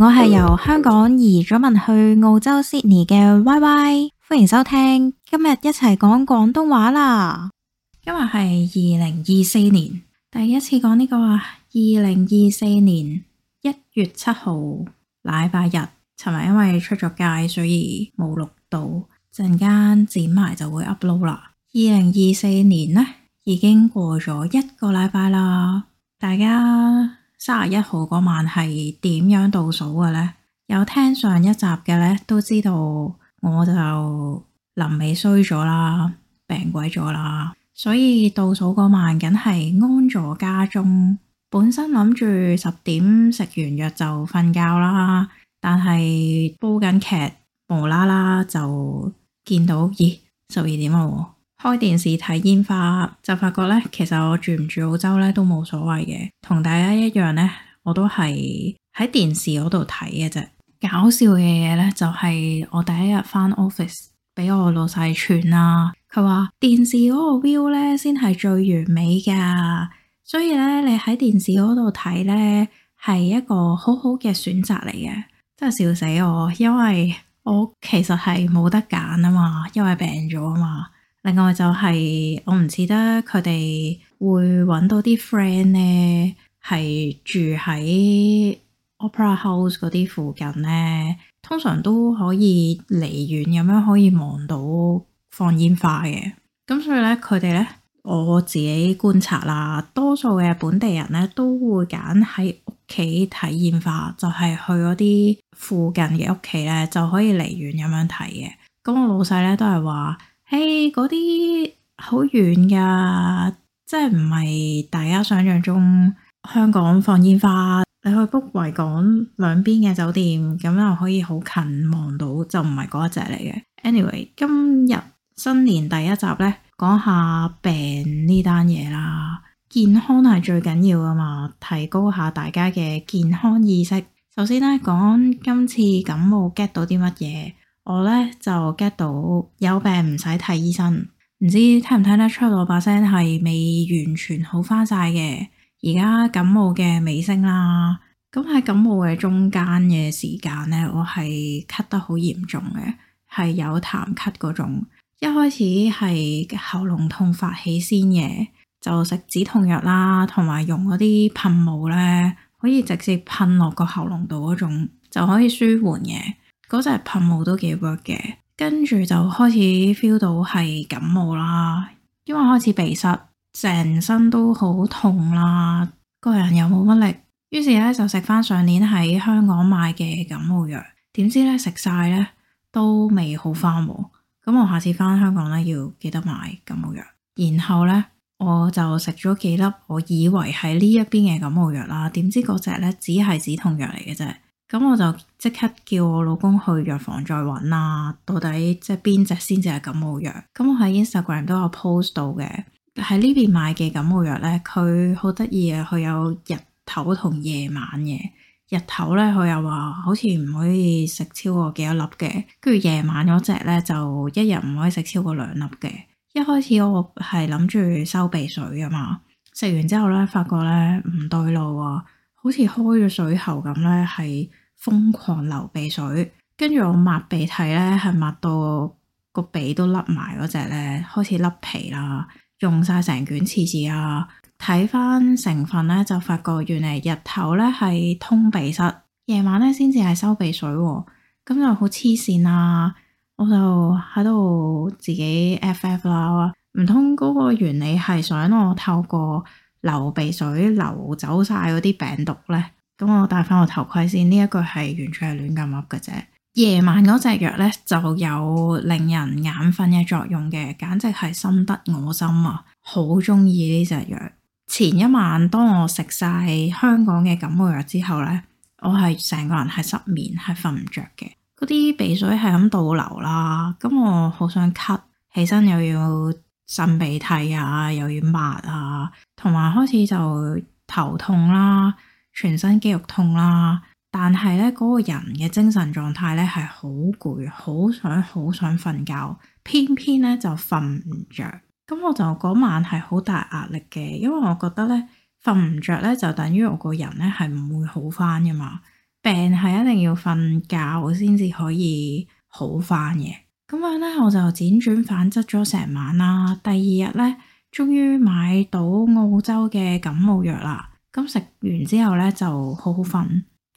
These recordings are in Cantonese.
我係由香港移咗民去澳洲 Sydney 嘅 Y Y，歡迎收聽，今日一齊講廣東話啦。今日係二零二四年第一次講呢個話，二零二四年一月七號禮拜日，尋日因為出咗街，所以冇錄到，陣間剪埋就會 upload 啦。二零二四年呢已經過咗一個禮拜啦，大家。三十一號嗰晚係點樣倒數嘅呢？有聽上一集嘅咧，都知道我就臨尾衰咗啦，病鬼咗啦，所以倒數嗰晚梗係安坐家中。本身諗住十點食完藥就瞓覺啦，但係煲緊劇，無啦啦就見到，咦，十二點啦！開電視睇煙花就發覺咧，其實我住唔住澳洲咧都冇所謂嘅，同大家一樣咧，我都係喺電視嗰度睇嘅啫。搞笑嘅嘢咧就係我第一日翻 office 俾我老細串啦，佢話電視嗰個 view 咧先係最完美噶，所以咧你喺電視嗰度睇咧係一個好好嘅選擇嚟嘅，真係笑死我，因為我其實係冇得揀啊嘛，因為病咗啊嘛。另外就係、是、我唔記得佢哋會揾到啲 friend 呢，係住喺 Opera House 嗰啲附近呢，通常都可以離遠咁樣可以望到放煙花嘅。咁所以呢，佢哋呢，我自己觀察啦，多數嘅本地人呢，都會揀喺屋企睇煙花，就係、是、去嗰啲附近嘅屋企呢，就可以離遠咁樣睇嘅。咁我老細呢，都係話。誒，嗰啲好遠噶，即係唔係大家想象中香港放煙花。你去 book 維港兩邊嘅酒店，咁又可以好近望到，就唔係嗰一隻嚟嘅。Anyway，今日新年第一集咧，講下病呢單嘢啦，健康係最緊要噶嘛，提高下大家嘅健康意識。首先咧，講今次感冒 get 到啲乜嘢？我咧就 get 到有病唔使睇醫生，唔知聽唔聽得出我把聲係未完全好翻晒嘅？而家感冒嘅尾聲啦。咁喺感冒嘅中間嘅時間咧，我係咳得好嚴重嘅，係有痰咳嗰種。一開始係喉嚨痛發起先嘅，就食止痛藥啦，同埋用嗰啲噴霧咧，可以直接噴落個喉嚨度嗰種，就可以舒緩嘅。嗰隻噴霧都幾 work 嘅，跟住就開始 feel 到係感冒啦，因為開始鼻塞，成身都好痛啦，個人又冇乜力，於是咧就食翻上年喺香港買嘅感冒藥，點知咧食晒咧都未好翻喎，咁我下次翻香港咧要記得買感冒藥，然後咧我就食咗幾粒我以為係呢一邊嘅感冒藥啦，點知嗰隻咧只係止痛藥嚟嘅啫。咁我就即刻叫我老公去藥房再揾啦，到底即係邊隻先至係感冒藥？咁我喺 Instagram 都有 post 到嘅，喺呢邊買嘅感冒藥呢，佢好得意啊，佢有日頭同夜晚嘅。日頭呢，佢又話好似唔可以食超過幾多粒嘅，跟住夜晚嗰隻呢，就一日唔可以食超過兩粒嘅。一開始我係諗住收鼻水啊嘛，食完之後呢，發覺呢唔對路啊，好似開咗水喉咁呢係。瘋狂流鼻水，跟住我抹鼻涕咧，係抹到個鼻都甩埋嗰隻咧，開始甩皮啦，用晒成卷廁紙啊！睇翻成分咧，就發覺原嚟日頭咧係通鼻塞，夜晚咧先至係收鼻水，哦，咁就好黐線啦！我就喺度自己 F F 啦，唔通嗰個原理係想我透過流鼻水流走晒嗰啲病毒咧？咁我戴翻個頭盔先，呢一句係完全係亂咁噏嘅啫。夜晚嗰隻藥呢，就有令人眼瞓嘅作用嘅，簡直係深得我心啊！好中意呢隻藥。前一晚當我食晒香港嘅感冒藥之後呢，我係成個人係失眠，係瞓唔着嘅。嗰啲鼻水係咁倒流啦，咁我好想咳，起身又要擤鼻涕啊，又要抹啊，同埋開始就頭痛啦。全身肌肉痛啦，但係咧嗰個人嘅精神狀態咧係好攰，好想好想瞓覺，偏偏咧就瞓唔着。咁我就嗰晚係好大壓力嘅，因為我覺得咧瞓唔着咧就等於我個人咧係唔會好翻噶嘛，病係一定要瞓覺先至可以好翻嘅。咁樣咧我就輾轉反側咗成晚啦，第二日咧終於買到澳洲嘅感冒藥啦。咁食完之後呢，就好好瞓，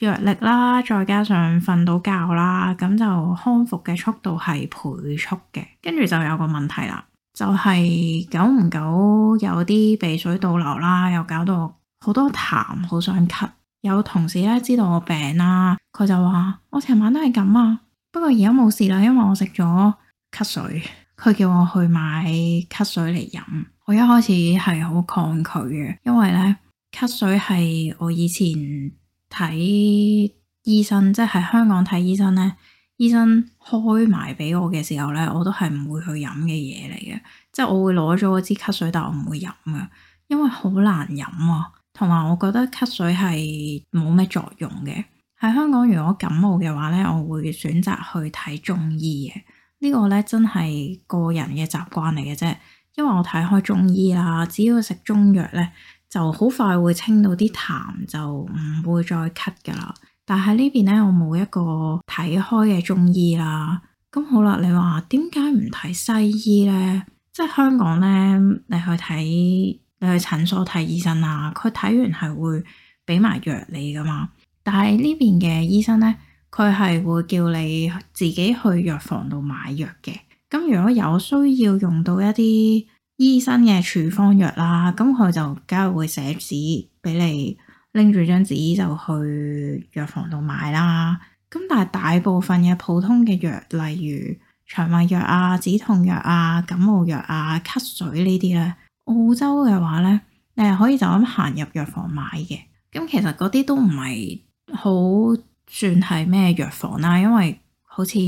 藥力啦，再加上瞓到覺啦，咁就康復嘅速度係倍速嘅。跟住就有個問題啦，就係、是、久唔久有啲鼻水倒流啦，又搞到好多痰，好想咳。有同事呢知道我病啦、啊，佢就話我成晚都係咁啊，不過而家冇事啦，因為我食咗咳水。佢叫我去買咳水嚟飲，我一開始係好抗拒嘅，因為呢。咳水係我以前睇醫生，即係喺香港睇醫生咧，醫生開埋俾我嘅時候咧，我都係唔會去飲嘅嘢嚟嘅。即係我會攞咗支咳水，但我唔會飲嘅，因為好難飲啊。同埋我覺得咳水係冇咩作用嘅。喺香港如果感冒嘅話咧，我會選擇去睇中醫嘅。呢個咧真係個人嘅習慣嚟嘅啫，因為我睇開中醫啦，只要食中藥咧，就好快會清到啲痰，就唔會再咳噶啦。但係呢邊咧，我冇一個睇開嘅中醫啦。咁好啦，你話點解唔睇西醫呢？即係香港咧，你去睇你去診所睇醫生啊，佢睇完係會俾埋藥你噶嘛。但係呢邊嘅醫生咧，佢係會叫你自己去藥房度買藥嘅。咁如果有需要用到一啲。醫生嘅處方藥啦，咁佢就梗係會寫紙俾你拎住張紙就去藥房度買啦。咁但係大部分嘅普通嘅藥，例如腸胃藥啊、止痛藥啊、感冒藥啊、咳水呢啲咧，澳洲嘅話咧，你係可以就咁行入藥房買嘅。咁其實嗰啲都唔係好算係咩藥房啦，因為好似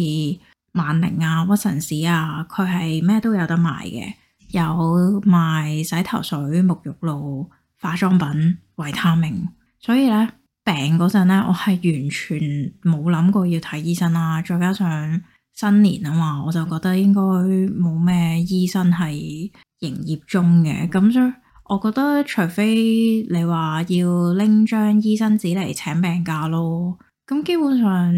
萬寧啊、屈臣氏啊，佢係咩都有得賣嘅。有賣洗頭水、沐浴露、化妝品、維他命，所以咧病嗰陣咧，我係完全冇諗過要睇醫生啦。再加上新年啊嘛，我就覺得應該冇咩醫生係營業中嘅，咁所以我覺得除非你話要拎張醫生紙嚟請病假咯，咁基本上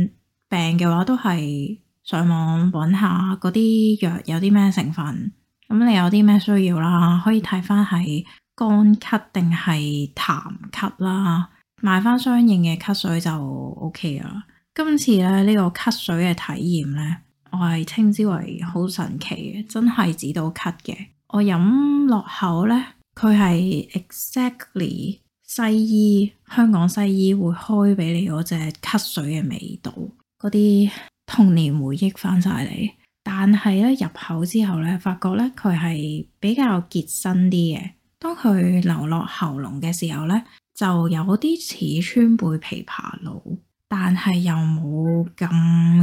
病嘅話都係上網搵下嗰啲藥有啲咩成分。咁、嗯、你有啲咩需要啦？可以睇翻係乾咳定係痰咳啦，買翻相應嘅咳水就 OK 啦。今次咧呢、這個咳水嘅體驗呢，我係稱之為好神奇嘅，真係止到咳嘅。我飲落口呢，佢係 exactly 西醫，香港西醫會開俾你嗰隻咳水嘅味道，嗰啲童年回憶翻晒你。但係咧入口之後咧，發覺咧佢係比較結身啲嘅。當佢流落喉嚨嘅時候咧，就有啲似川貝枇杷露，但係又冇咁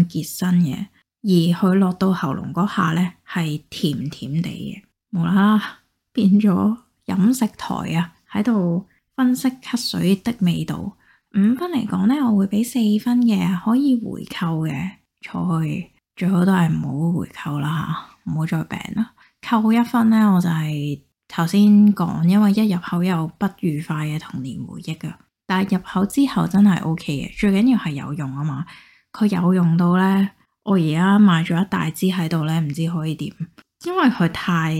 結身嘅。而佢落到喉嚨嗰下咧，係甜甜地嘅，無啦啦變咗飲食台啊！喺度分析咳水的味道。五分嚟講咧，我會俾四分嘅，可以回購嘅，菜。最好都係唔好回購啦吓，唔好再病啦。扣好一分呢，我就係頭先講，因為一入口有不愉快嘅童年回憶啊。但係入口之後真係 O K 嘅，最緊要係有用啊嘛。佢有用到呢，我而家買咗一大支喺度呢，唔知可以點，因為佢太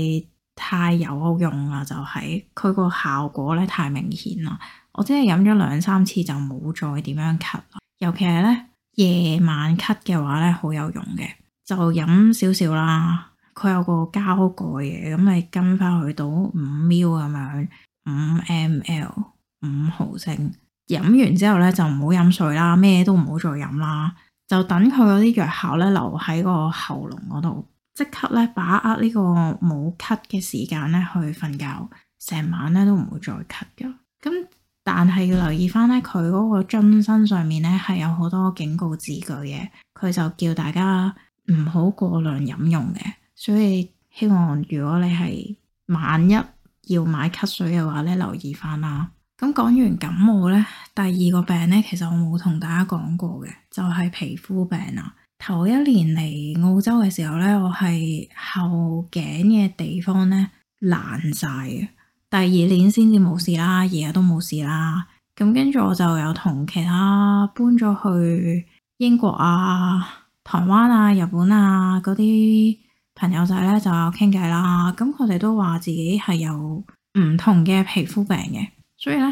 太有用啦，就是，就係佢個效果呢太明顯啦。我真係飲咗兩三次就冇再點樣咳啦，尤其係呢。夜晚咳嘅話咧，好有用嘅，就飲少少啦。佢有個膠蓋嘢，咁你跟翻去到五 ml 咁樣，五 ml 五毫升。飲完之後咧，就唔好飲水啦，咩都唔好再飲啦，就等佢嗰啲藥效咧留喺個喉嚨嗰度，即刻咧把握呢個冇咳嘅時間咧去瞓覺，成晚咧都唔會再咳嘅。咁。但係要留意翻咧，佢嗰個樽身上面咧，係有好多警告字句嘅。佢就叫大家唔好過量飲用嘅。所以希望如果你係萬一要買咳水嘅話咧，留意翻啦。咁講完感冒咧，第二個病咧，其實我冇同大家講過嘅，就係、是、皮膚病啦。頭一年嚟澳洲嘅時候咧，我係後頸嘅地方咧爛晒嘅。第二年先至冇事啦，而家都冇事啦。咁跟住我就有同其他搬咗去英國啊、台灣啊、日本啊嗰啲朋友仔咧，就有傾偈啦。咁佢哋都話自己係有唔同嘅皮膚病嘅，所以咧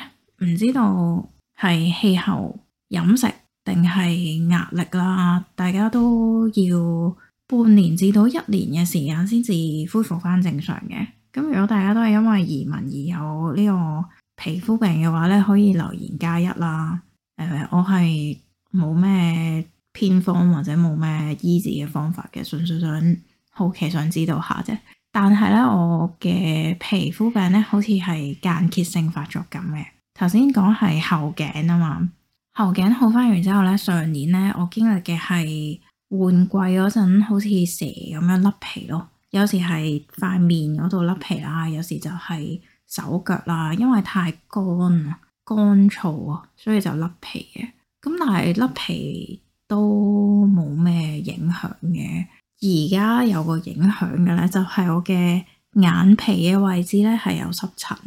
唔知道係氣候、飲食定係壓力啦。大家都要半年至到一年嘅時間先至恢復返正常嘅。咁如果大家都係因為移民而有呢個皮膚病嘅話咧，可以留言加一啦。誒，我係冇咩偏方或者冇咩醫治嘅方法嘅，純粹想好奇想知道下啫。但係咧，我嘅皮膚病咧，好似係間歇性發作咁嘅。頭先講係後頸啊嘛，後頸好返完之後咧，上年咧我經歷嘅係換季嗰陣，好似蛇咁樣甩皮咯。有時係塊面嗰度甩皮啦，有時就係手腳啦，因為太乾、乾燥啊，所以就甩皮嘅。咁但係甩皮都冇咩影響嘅。而家有個影響嘅咧，就係我嘅眼皮嘅位置咧，係有濕疹。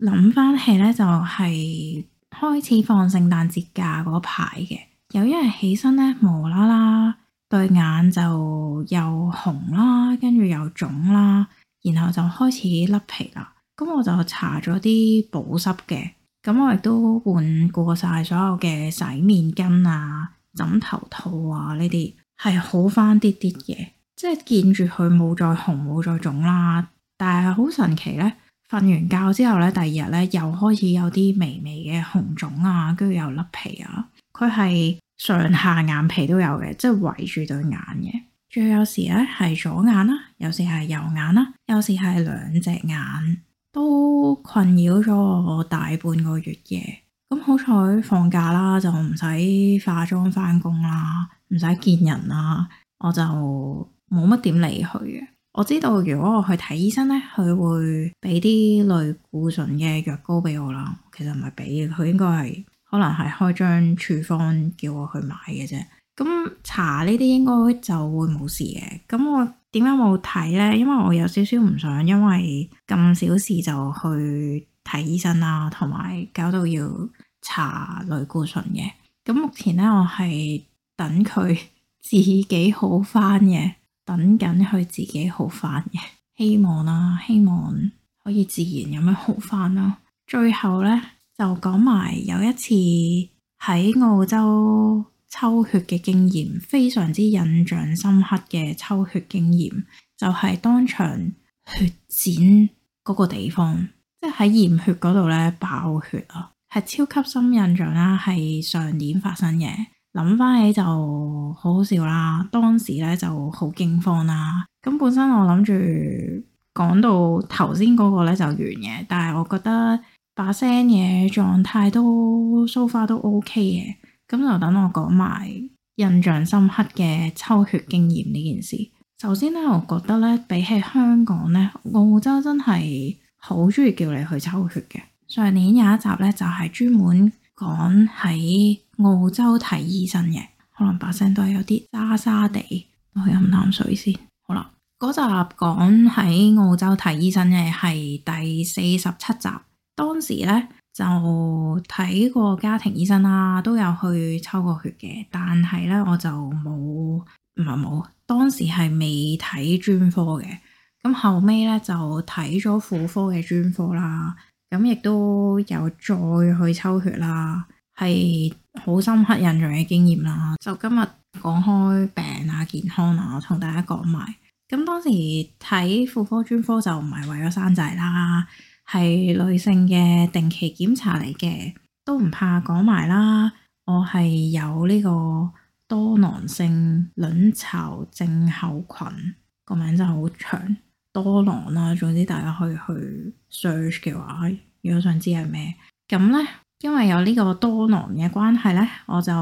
諗翻起咧，就係開始放聖誕節假嗰排嘅，有一日起身咧，無啦啦。對眼就又紅啦，跟住又腫啦，然後就開始甩皮啦。咁我就搽咗啲保濕嘅，咁我亦都換過晒所有嘅洗面巾啊、枕頭套啊呢啲，係好翻啲啲嘅，即係見住佢冇再紅冇再腫啦。但係好神奇咧，瞓完覺之後咧，第二日咧又開始有啲微微嘅紅腫啊，跟住又甩皮啊，佢係。上下眼皮都有嘅，即係圍住對眼嘅。仲有時咧係左眼啦，有時係右眼啦，有時係兩隻眼，都困擾咗我大半個月嘅。咁好彩放假啦，就唔使化妝翻工啦，唔使見人啦，我就冇乜點理佢嘅。我知道如果我去睇醫生咧，佢會俾啲類固醇嘅藥膏俾我啦。其實唔係俾，佢應該係。可能係開張處方叫我去買嘅啫，咁查呢啲應該就會冇事嘅。咁我點解冇睇呢？因為我有少少唔想，因為咁小事就去睇醫生啦、啊，同埋搞到要查類固醇嘅。咁目前呢，我係等佢自己好翻嘅，等緊佢自己好翻嘅，希望啦、啊，希望可以自然有咩好翻啦。最後呢。就講埋有一次喺澳洲抽血嘅經驗，非常之印象深刻嘅抽血經驗，就係、是、當場血濺嗰個地方，即係喺驗血嗰度咧爆血啊，係超級深印象啦，係上年發生嘅。諗翻起就好好笑啦，當時咧就好驚慌啦。咁本身我諗住講到頭先嗰個咧就完嘅，但係我覺得。把聲嘢狀態都 so far 都 OK 嘅，咁就等我講埋印象深刻嘅抽血經驗呢件事。首先咧，我覺得咧，比起香港咧，澳洲真係好中意叫你去抽血嘅。上年有一集咧，就係專門講喺澳洲睇醫生嘅，可能把聲都係有啲沙沙地，我去飲啖水先。好啦，嗰集講喺澳洲睇醫生嘅係第四十七集。當時咧就睇過家庭醫生啦，都有去抽過血嘅，但係咧我就冇，唔係冇，當時係未睇專科嘅。咁後尾咧就睇咗婦科嘅專科啦，咁亦都有再去抽血啦，係好深刻印象嘅經驗啦。就今日講開病啊健康啊，我同大家講埋。咁當時睇婦科專科就唔係為咗生仔啦。係女性嘅定期檢查嚟嘅，都唔怕講埋啦。我係有呢個多囊性卵巢症候群，個名真係好長，多囊啦。總之大家可以去 search 嘅話，如果想知係咩咁呢？因為有呢個多囊嘅關係呢，我就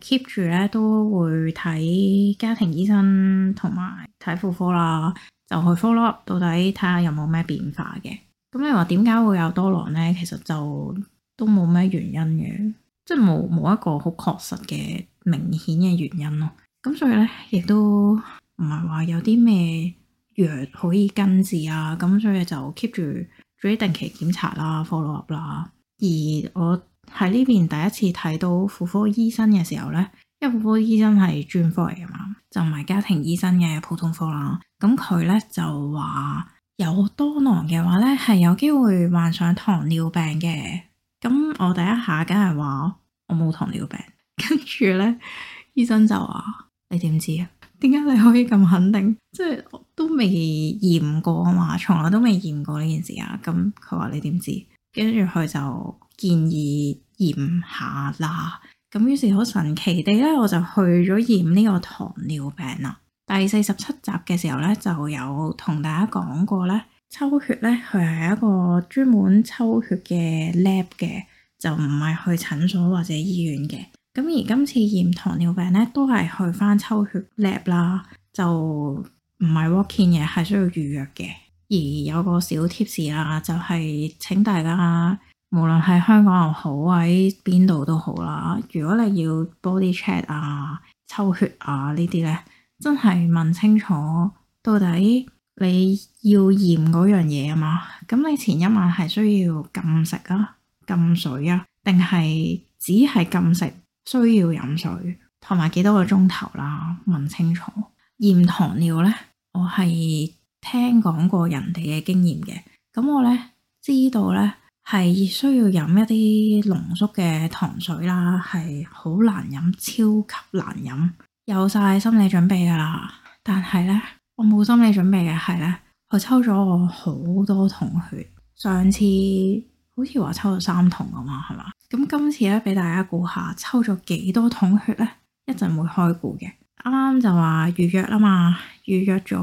keep 住呢都會睇家庭醫生同埋睇婦科啦，就去 follow up 到底睇下有冇咩變化嘅。咁你話點解會有多囊呢？其實就都冇咩原因嘅，即係冇冇一個好確實嘅明顯嘅原因咯。咁所以咧亦都唔係話有啲咩藥可以根治啊。咁所以就 keep 住做啲定期檢查啦，follow up 啦。而我喺呢邊第一次睇到婦科醫生嘅時候呢，因為婦科醫生係專科嚟噶嘛，就唔係家庭醫生嘅普通科啦。咁佢呢就話。有多囊嘅話呢，係有機會患上糖尿病嘅。咁我第一下梗係話我冇糖尿病，跟住呢，醫生就話：你點知啊？點解你可以咁肯定？即係我都未驗過啊嘛，從來都未驗過呢件事啊。咁佢話你點知？跟住佢就建議驗下啦。咁於是好神奇地呢，我就去咗驗呢個糖尿病啦。第四十七集嘅時候咧，就有同大家講過咧，抽血咧佢係一個專門抽血嘅 lab 嘅，就唔係去診所或者醫院嘅。咁而今次驗糖尿病咧，都係去翻抽血 lab 啦，就唔係 walk in 嘅，係需要預約嘅。而有個小 tips 啊，就係請大家無論喺香港又好喺邊度都好啦，如果你要 body check 啊、抽血啊呢啲咧。真係問清楚，到底你要驗嗰樣嘢啊嘛？咁你前一晚係需要禁食啊、禁水啊，定係只係禁食需要飲水，同埋幾多個鐘頭啦？問清楚。驗糖尿呢，我係聽講過人哋嘅經驗嘅，咁我呢，知道呢係需要飲一啲濃縮嘅糖水啦，係好難飲，超級難飲。有晒心理準備噶啦，但係呢，我冇心理準備嘅係呢，佢抽咗我好多桶血，上次好似話抽咗三桶啊嘛，係嘛？咁今次呢，俾大家估下，抽咗幾多桶血呢？一陣會開估嘅。啱啱就話預約啦嘛，預約咗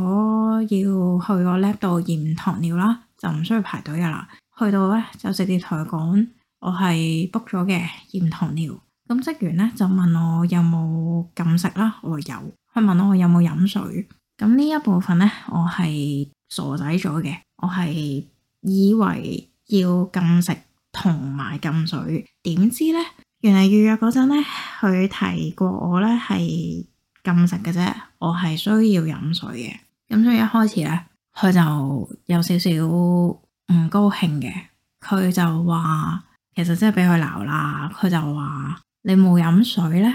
要去個 lab 度驗糖尿啦，就唔需要排隊噶啦。去到呢，就直接同佢講，我係 book 咗嘅驗糖尿。咁職員咧就問我有冇禁食啦，我話有。佢問我有冇飲水，咁呢一部分咧我係傻仔咗嘅，我係以為要禁食同埋禁水，點知咧原來預約嗰陣咧佢提過我咧係禁食嘅啫，我係需要飲水嘅。咁所以一開始咧佢就有少少唔高興嘅，佢就話其實真係俾佢鬧啦，佢就話。你冇飲水呢？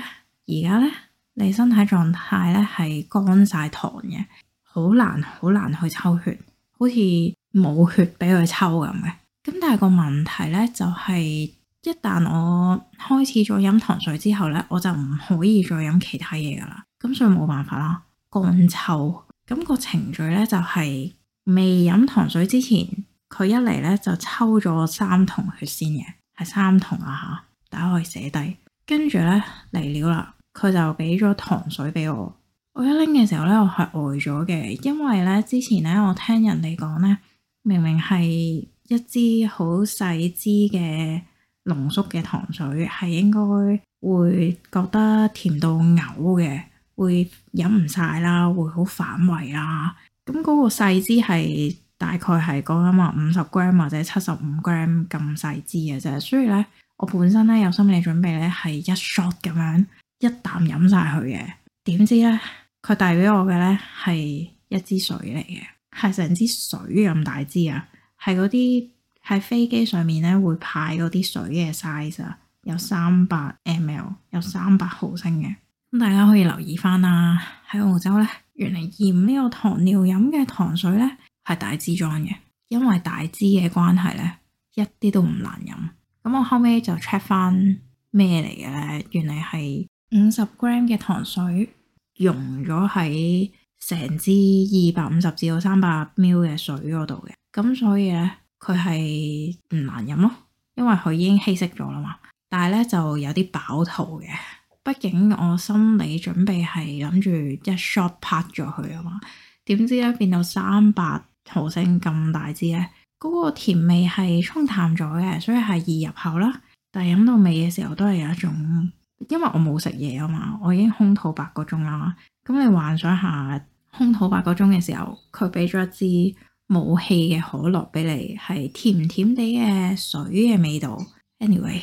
而家呢，你身體狀態呢係乾晒糖嘅，好難好難去抽血，好似冇血俾佢抽咁嘅。咁但係個問題呢，就係、是，一旦我開始咗飲糖水之後呢，我就唔可以再飲其他嘢噶啦。咁所以冇辦法啦，乾抽。咁、那個程序呢，就係、是、未飲糖水之前，佢一嚟呢就抽咗三桶血先嘅，係三桶啊嚇，打開寫低。跟住咧嚟料啦，佢就俾咗糖水俾我。我一拎嘅時候咧，我係呆咗嘅，因為咧之前咧我聽人哋講咧，明明係一支好細支嘅濃縮嘅糖水，係應該會覺得甜到嘔嘅，會飲唔晒啦，會好反胃啦。咁嗰個細支係大概係講緊話，五十 gram 或者七十五 gram 咁細支嘅啫，所以咧。我本身咧有心理準備咧，係一 shot 咁樣一啖飲晒佢嘅，點知咧佢帶俾我嘅咧係一支水嚟嘅，係成支水咁大支啊，係嗰啲喺飛機上面咧會派嗰啲水嘅 size 啊，有三百 ml，有三百毫升嘅，咁大家可以留意翻啦。喺澳洲咧，原來驗呢個糖尿飲嘅糖水咧係大支裝嘅，因為大支嘅關係咧一啲都唔難飲。咁我後尾就 check 翻咩嚟嘅咧，原來係五十 gram 嘅糖水溶咗喺成支二百五十至到三百 ml 嘅水嗰度嘅，咁所以咧佢係唔難飲咯，因為佢已經稀釋咗啦嘛。但係咧就有啲飽肚嘅，畢竟我心理準備係諗住一 shot part 咗佢啊嘛。點知咧變到三百毫升咁大支咧～嗰個甜味係沖淡咗嘅，所以係易入口啦。但係飲到尾嘅時候都係有一種，因為我冇食嘢啊嘛，我已經空肚八個鐘啦。咁你幻想下，空肚八個鐘嘅時候，佢俾咗一支冇氣嘅可樂俾你，係甜甜哋嘅水嘅味道。Anyway，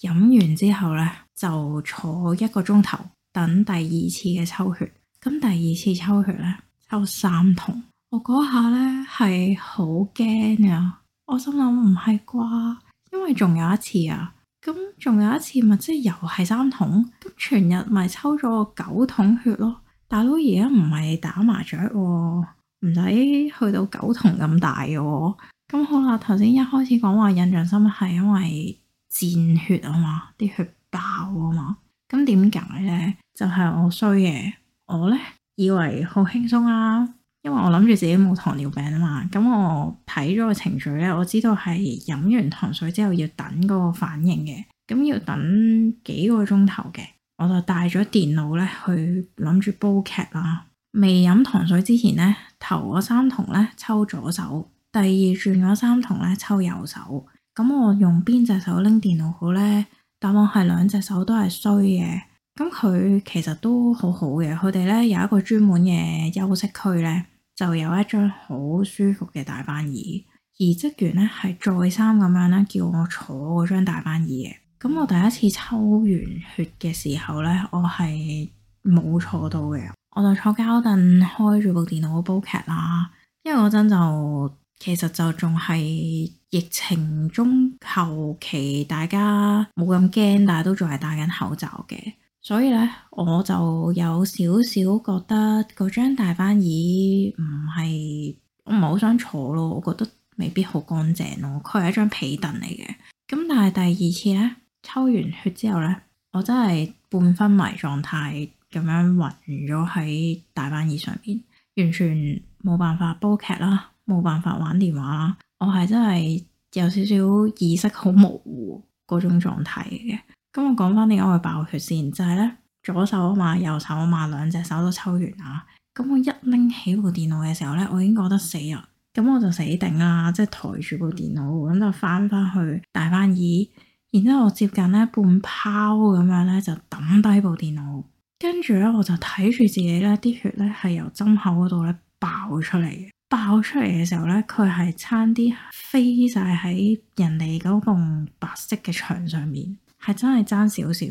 飲完之後呢，就坐一個鐘頭等第二次嘅抽血。咁第二次抽血呢，抽三桶。我嗰下咧，係好驚啊！我心諗唔係啩，因為仲有一次啊，咁仲有一次咪即係又係三桶，咁全日咪抽咗九桶血咯。大佬而家唔係打麻雀喎，唔使去到九桶咁大嘅。咁好啦，頭先一開始講話印象深刻係因為濺血啊嘛，啲血爆啊嘛。咁點解咧？就係、是、我衰嘅，我咧以為好輕鬆啊。因為我諗住自己冇糖尿病啊嘛，咁我睇咗個程序咧，我知道係飲完糖水之後要等嗰個反應嘅，咁要等幾個鐘頭嘅，我就帶咗電腦咧去諗住煲劇啦。未飲糖水之前咧，頭嗰三桶咧抽左手，第二轉嗰三桶咧抽右手。咁我用邊隻手拎電腦好咧？答案係兩隻手都係衰嘅。咁佢其實都好好嘅，佢哋咧有一個專門嘅休息區咧。就有一張好舒服嘅大班椅，而職員咧，係再三咁樣咧叫我坐嗰張大班椅嘅。咁我第一次抽完血嘅時候咧，我係冇坐到嘅，我就坐膠凳開住部電腦煲劇啦。因為嗰陣就其實就仲係疫情中後期，大家冇咁驚，但係都仲係戴緊口罩嘅。所以咧，我就有少少覺得嗰張大班椅唔係，我唔係好想坐咯，我覺得未必好乾淨咯。佢係一張皮凳嚟嘅。咁但係第二次咧，抽完血之後咧，我真係半昏迷狀態咁樣暈咗喺大班椅上邊，完全冇辦法煲劇啦，冇辦法玩電話。我係真係有少少意識好模糊嗰種狀態嘅。咁我講翻點解我爆血先，就係咧，左手啊嘛，右手啊嘛，兩隻手都抽完啊。咁我一拎起部電腦嘅時候咧，我已經覺得死人，咁我就死定啦，即係抬住部電腦，咁就翻翻去大翻椅，然之後我接近咧半泡咁樣咧，就抌低部電腦，跟住咧我就睇住自己咧啲血咧係由針口嗰度咧爆出嚟嘅。爆出嚟嘅時候咧，佢係差啲飛晒喺人哋嗰棟白色嘅牆上面。係真係爭少少，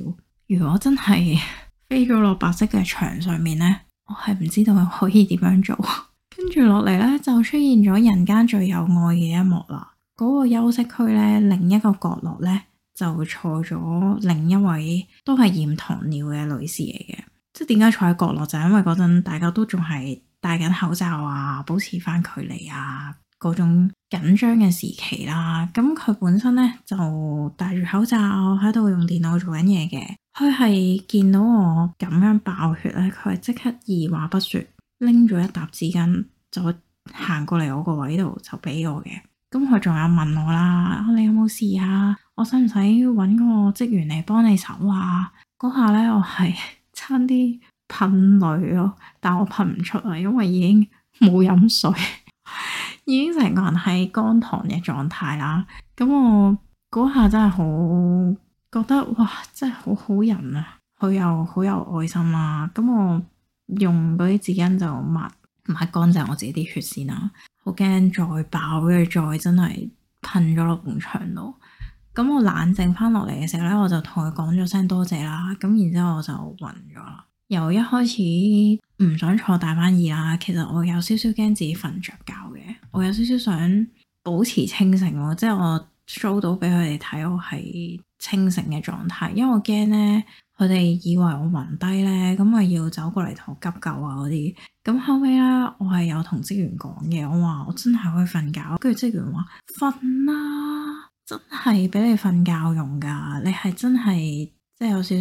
如果真係飛咗落白色嘅牆上面呢，我係唔知道可以點樣做。跟住落嚟呢，就出現咗人間最有愛嘅一幕啦！嗰個休息區呢，另一個角落呢，就坐咗另一位都係驗糖尿嘅女士嚟嘅，即係點解坐喺角落就係因為嗰陣大家都仲係戴緊口罩啊，保持翻距離啊。嗰種緊張嘅時期啦，咁佢本身呢就戴住口罩喺度用電腦做緊嘢嘅，佢係見到我咁樣爆血咧，佢係即刻二話不説拎咗一沓紙巾就行過嚟我個位度就俾我嘅，咁佢仲有問我啦，你有冇事啊？我使唔使揾個職員嚟幫你手啊？嗰下呢，我係差啲噴淚咯，但我噴唔出嚟，因為已經冇飲水。 已經成個人喺乾塘嘅狀態啦，咁我嗰下真係好覺得哇，真係好好人啊，佢又好有愛心啦，啊，咁我用嗰啲紙巾就抹抹乾淨我自己啲血先啦，好驚再爆嘅再真係噴咗落埲牆度，咁我冷靜翻落嚟嘅時候咧，我就同佢講咗聲多謝啦，咁然之後我就暈咗。由一開始唔想坐大班椅啦，其實我有少少驚自己瞓着覺嘅，我有少少想保持清醒，即係我 show 到俾佢哋睇我係清醒嘅狀態，因為我驚咧佢哋以為我暈低咧，咁啊要走過嚟同我急救啊嗰啲。咁後尾咧，我係有同職員講嘅，我話我真係去瞓覺，跟住職員話瞓啦，真係俾你瞓覺用噶，你係真係即係有少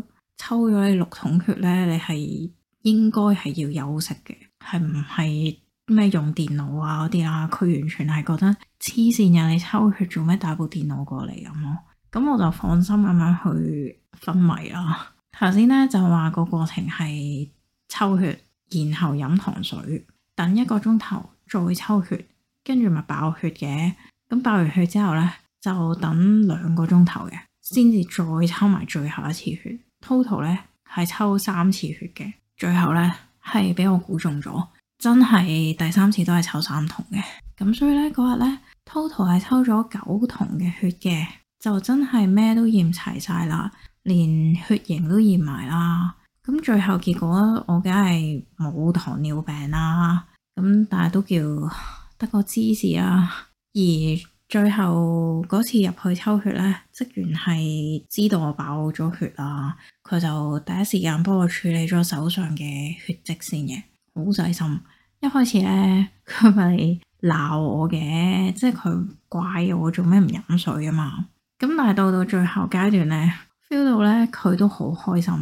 少。抽咗你六桶血咧，你係應該係要休息嘅，係唔係咩用電腦啊嗰啲啊？佢完全係覺得黐線啊，你抽血做咩帶部電腦過嚟咁咯？咁我就放心咁樣去昏迷啦。頭先咧就話個過,過程係抽血，然後飲糖水，等一個鐘頭再抽血，跟住咪爆血嘅。咁爆完血之後咧，就等兩個鐘頭嘅，先至再抽埋最後一次血。total 咧係抽三次血嘅，最後咧係俾我估中咗，真係第三次都係抽三筒嘅，咁所以咧嗰日咧 Total 係抽咗九筒嘅血嘅，就真係咩都驗齊晒啦，連血型都驗埋啦，咁最後結果我梗係冇糖尿病啦，咁但係都叫得個芝士啦、啊、而。最後嗰次入去抽血咧，職員係知道我爆咗血啦，佢就第一時間幫我處理咗手上嘅血跡先嘅，好細心。一開始咧，佢咪鬧我嘅，即係佢怪我做咩唔飲水啊嘛。咁但係到到最後階段咧，feel 到咧佢都好開心，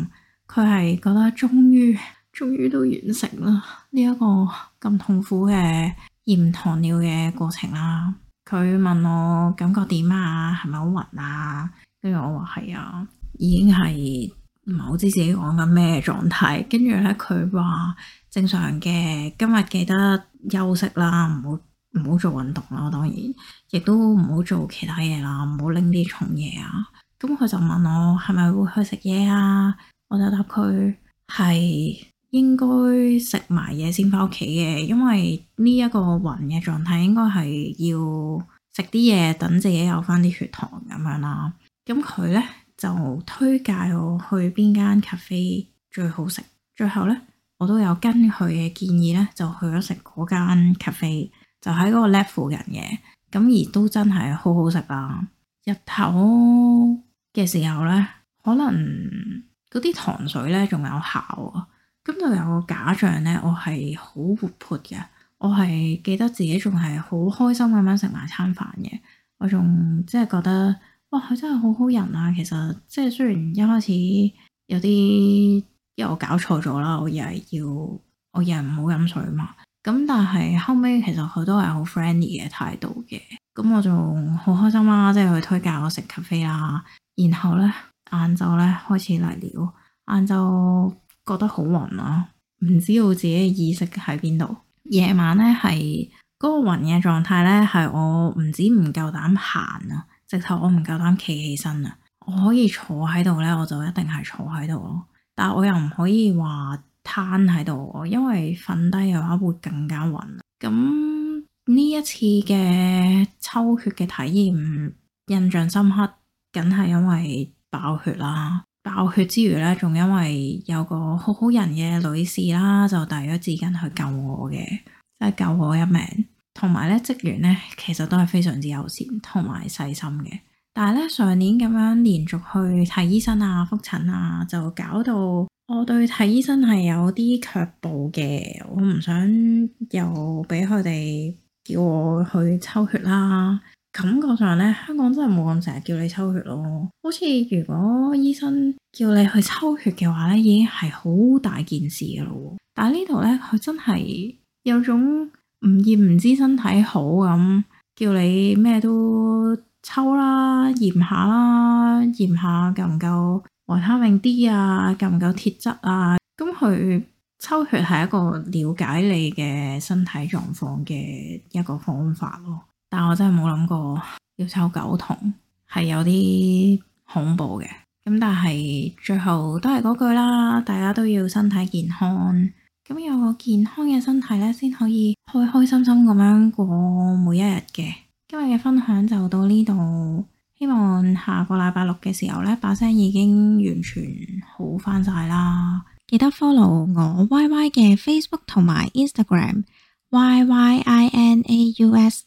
佢係覺得終於終於都完成啦呢一個咁痛苦嘅驗糖尿嘅過程啦。佢問我感覺點啊，係咪好暈啊？跟住我話係啊，已經係唔係好知自己講緊咩狀態。跟住咧，佢話正常嘅，今日記得休息啦，唔好唔好做運動啦，當然亦都唔好做其他嘢啦，唔好拎啲重嘢啊。咁佢就問我係咪會去食嘢啊？我就答佢係。應該食埋嘢先翻屋企嘅，因為呢一個暈嘅狀態應該係要食啲嘢，等自己有翻啲血糖咁樣啦。咁佢呢就推介我去邊間 cafe 最好食，最後呢，我都有跟佢嘅建議呢，就去咗食嗰間 cafe，就喺嗰個 level 人嘅，咁而都真係好好食啊！日頭嘅時候呢，可能嗰啲糖水呢仲有效啊！咁就有個假象咧，我係好活潑嘅，我係記得自己仲係好開心咁樣食埋餐飯嘅，我仲即係覺得，哇，佢真係好好人啊！其實即係雖然一開始有啲，因為我搞錯咗啦，我又係要我又係唔好飲水啊嘛，咁但係後尾其實佢都係好 friendly 嘅態度嘅，咁我仲好開心啦、啊，即係佢推介我食咖啡啊，然後咧晏晝咧開始嚟聊，晏晝。覺得好暈咯，唔知道自己嘅意識喺邊度。夜晚呢，係嗰個暈嘅狀態呢，係我唔止唔夠膽行啦，直頭我唔夠膽企起身啦，啊。我可以坐喺度呢，我就一定係坐喺度咯。但我又唔可以話攤喺度，因為瞓低嘅話會更加暈。咁呢一次嘅抽血嘅體驗印象深刻，梗係因為爆血啦。爆血之餘咧，仲因為有個好好人嘅女士啦，就帶咗紙巾去救我嘅，即係救我一命。同埋咧，職員咧其實都係非常之友善同埋細心嘅。但係咧，上年咁樣連續去睇醫生啊、覆診啊，就搞到我對睇醫生係有啲卻步嘅。我唔想又俾佢哋叫我去抽血啦。感覺上咧，香港真係冇咁成日叫你抽血咯。好似如果醫生叫你去抽血嘅話咧，已經係好大件事嘅咯。但係呢度咧，佢真係有種唔驗唔知身體好咁，叫你咩都抽啦，驗下啦，驗下夠唔夠維他命 D 啊，夠唔夠鐵質啊？咁佢抽血係一個了解你嘅身體狀況嘅一個方法咯。但我真係冇諗過要抽九筒，係有啲恐怖嘅。咁但係最後都係嗰句啦，大家都要身體健康。咁有個健康嘅身體咧，先可以開開心心咁樣過每一日嘅。今日嘅分享就到呢度，希望下個禮拜六嘅時候咧，把聲已經完全好翻晒啦。記得 follow 我 YY 嘅 Facebook 同埋 Instagram Y Y I N A U S。